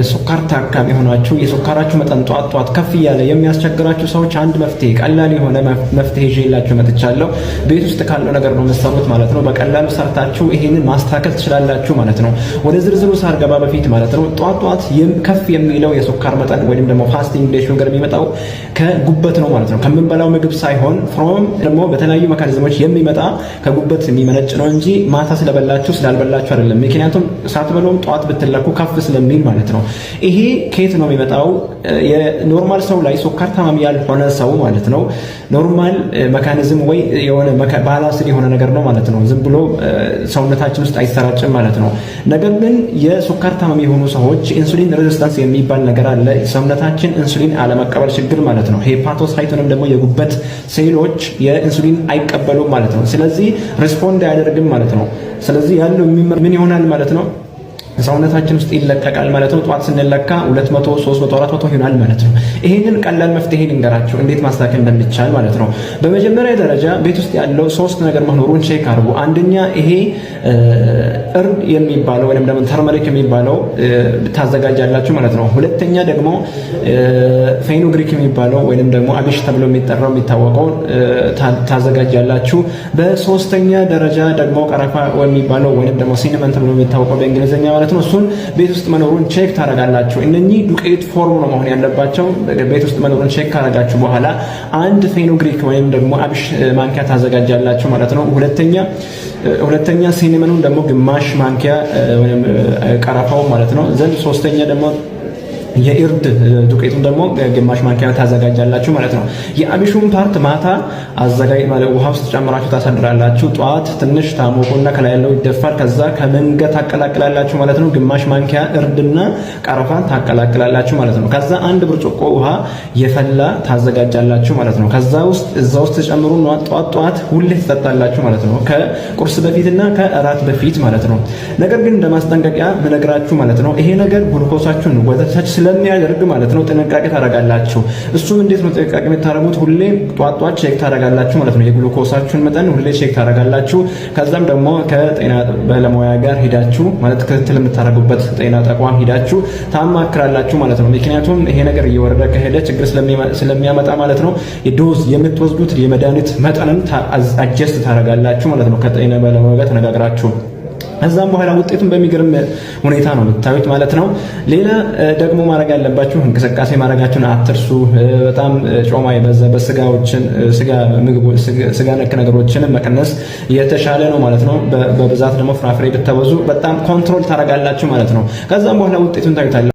የሱካር ታካሚ ሆናችሁ የሱካራችሁ መጠን ጧት ጧት ከፍ እያለ የሚያስቸግራችሁ ሰዎች አንድ መፍትሄ ቀላል የሆነ መፍትሄ ይዤላችሁ መጥቻለሁ። ቤት ውስጥ ካለው ነገር ነው የምትሰሩት ማለት ነው። በቀላሉ ሰርታችሁ ይሄንን ማስተካከል ትችላላችሁ ማለት ነው። ወደ ዝርዝሩ ሳልገባ በፊት ማለት ነው ጧት ጧት ከፍ የሚለው የሱካር መጠን ወይም ደግሞ ፋስቲንግ ዴይ ሹገር የሚመጣው ከጉበት ነው ማለት ነው። ከምንበላው ምግብ ሳይሆን ፍሮም ደግሞ በተለያዩ መካኒዝሞች የሚመጣ ከጉበት የሚመነጭ ነው እንጂ ማታ ስለበላችሁ ስላልበላችሁ አይደለም። ምክንያቱም ሳትበሉም ጧት ብትለኩ ከፍ ስለሚል ማለት ነው። ነው። ይሄ ከየት ነው የሚመጣው? ኖርማል ሰው ላይ ሶካር ታማሚ ያልሆነ ሰው ማለት ነው ኖርማል መካኒዝም ወይ የሆነ ባላንስ የሆነ ነገር ነው ማለት ነው። ዝም ብሎ ሰውነታችን ውስጥ አይሰራጭም ማለት ነው። ነገር ግን የሶካር ታማሚ የሆኑ ሰዎች ኢንሱሊን ሬዚስታንስ የሚባል ነገር አለ። ሰውነታችን ኢንሱሊን አለመቀበል ችግር ማለት ነው። ሄፓቶሳይት ወይም ደግሞ የጉበት ሴሎች የኢንሱሊን አይቀበሉም ማለት ነው። ስለዚህ ሪስፖንድ አያደርግም ማለት ነው። ስለዚህ ያለው ምን ይሆናል ማለት ነው ሰውነታችን ውስጥ ይለቀቃል ማለት ነው። ጠዋት ስንለካ 200፣ 300፣ 400 ይሆናል ማለት ነው። ይህንን ቀላል መፍትሄ ልንገራችሁ እንዴት ማስተካከል እንደሚቻል ማለት ነው። በመጀመሪያ ደረጃ ቤት ውስጥ ያለው ሶስት ነገር መኖሩን ቼክ አድርጉ። አንደኛ ይሄ እርድ የሚባለው ወይም ደግሞ ተርመሪክ የሚባለው ታዘጋጃላችሁ ማለት ነው። ሁለተኛ ደግሞ ፌኖግሪክ የሚባለው ወይም ደግሞ አቢሽ ተብሎ የሚጠራው የሚታወቀው ታዘጋጃላችሁ። በሶስተኛ ደረጃ ደግሞ ቀረፋ የሚባለው ወይም ደግሞ ሲነመን ተብሎ የሚታወቀው በእንግሊዝኛ ማለት ነው። እሱን ቤት ውስጥ መኖሩን ቼክ ታደርጋላችሁ። እነኚህ ዱቄት ፎርም ነው መሆን ያለባቸው። ቤት ውስጥ መኖሩን ቼክ ካደረጋችሁ በኋላ አንድ ፌኖግሪክ ወይም ደግሞ አብሽ ማንኪያ ታዘጋጃላችሁ ማለት ነው። ሁለተኛ ሁለተኛ ሲኒመኑን ደግሞ ግማሽ ማንኪያ ቀረፋው ማለት ነው ዘንድ ሶስተኛ ደግሞ የእርድ ዱቄቱን ደግሞ ግማሽ ማንኪያ ታዘጋጃላችሁ ማለት ነው። የአቢሹን ፓርት ማታ አዘጋጅ ማለት ውሃ ውስጥ ጨምራችሁ ታሳድራላችሁ። ጠዋት ትንሽ ታሞቁና ከላይ ያለው ይደፋል። ከዛ ከምን ጋር ታቀላቅላላችሁ ማለት ነው። ግማሽ ማንኪያ እርድና ቀረፋን ታቀላቅላላችሁ ማለት ነው። ከዛ አንድ ብርጭቆ ውሃ የፈላ ታዘጋጃላችሁ ማለት ነው። ከዛ ውስጥ እዛ ውስጥ ተጨምሩ ጠዋት ጠዋት ሁሌ ትጠጣላችሁ ማለት ነው። ከቁርስ በፊትና ከእራት በፊት ማለት ነው። ነገር ግን እንደ ማስጠንቀቂያ ምነግራችሁ ማለት ነው ይሄ ነገር ጉልኮሳችሁን ወተታችሁ ስለሚያደርግ ማለት ነው ጥንቃቄ ታደርጋላችሁ። እሱ እንዴት ነው ጥንቃቄ የምታደርጉት? ሁሌ ጧት ጧት ቼክ ታደርጋላችሁ ማለት ነው። የግሉኮሳችሁን መጠን ሁሌ ቼክ ታደርጋላችሁ። ከዛም ደግሞ ከጤና ባለሙያ ጋር ሂዳችሁ ማለት ክትትል የምታደርጉበት ጤና ተቋም ሂዳችሁ ታማክራላችሁ ማለት ነው። ምክንያቱም ይሄ ነገር እየወረደ ከሄደ ችግር ስለሚያመጣ ማለት ነው። የዶዝ የምትወስዱት የመድኃኒት መጠንን አጀስት ታደርጋላችሁ ማለት ነው። ከጤና ባለሙያ ጋር ተነጋግራችሁ ከዛም በኋላ ውጤቱን በሚገርም ሁኔታ ነው የምታዩት ማለት ነው። ሌላ ደግሞ ማድረግ ያለባችሁ እንቅስቃሴ ማድረጋችሁን አትርሱ። በጣም ጮማ የበዛበት ስጋዎችን፣ ስጋ ነክ ነገሮችን መቀነስ የተሻለ ነው ማለት ነው። በብዛት ደግሞ ፍራፍሬ ብትበዙ በጣም ኮንትሮል ታደርጋላችሁ ማለት ነው። ከዛም በኋላ ውጤቱን ታዩታለ።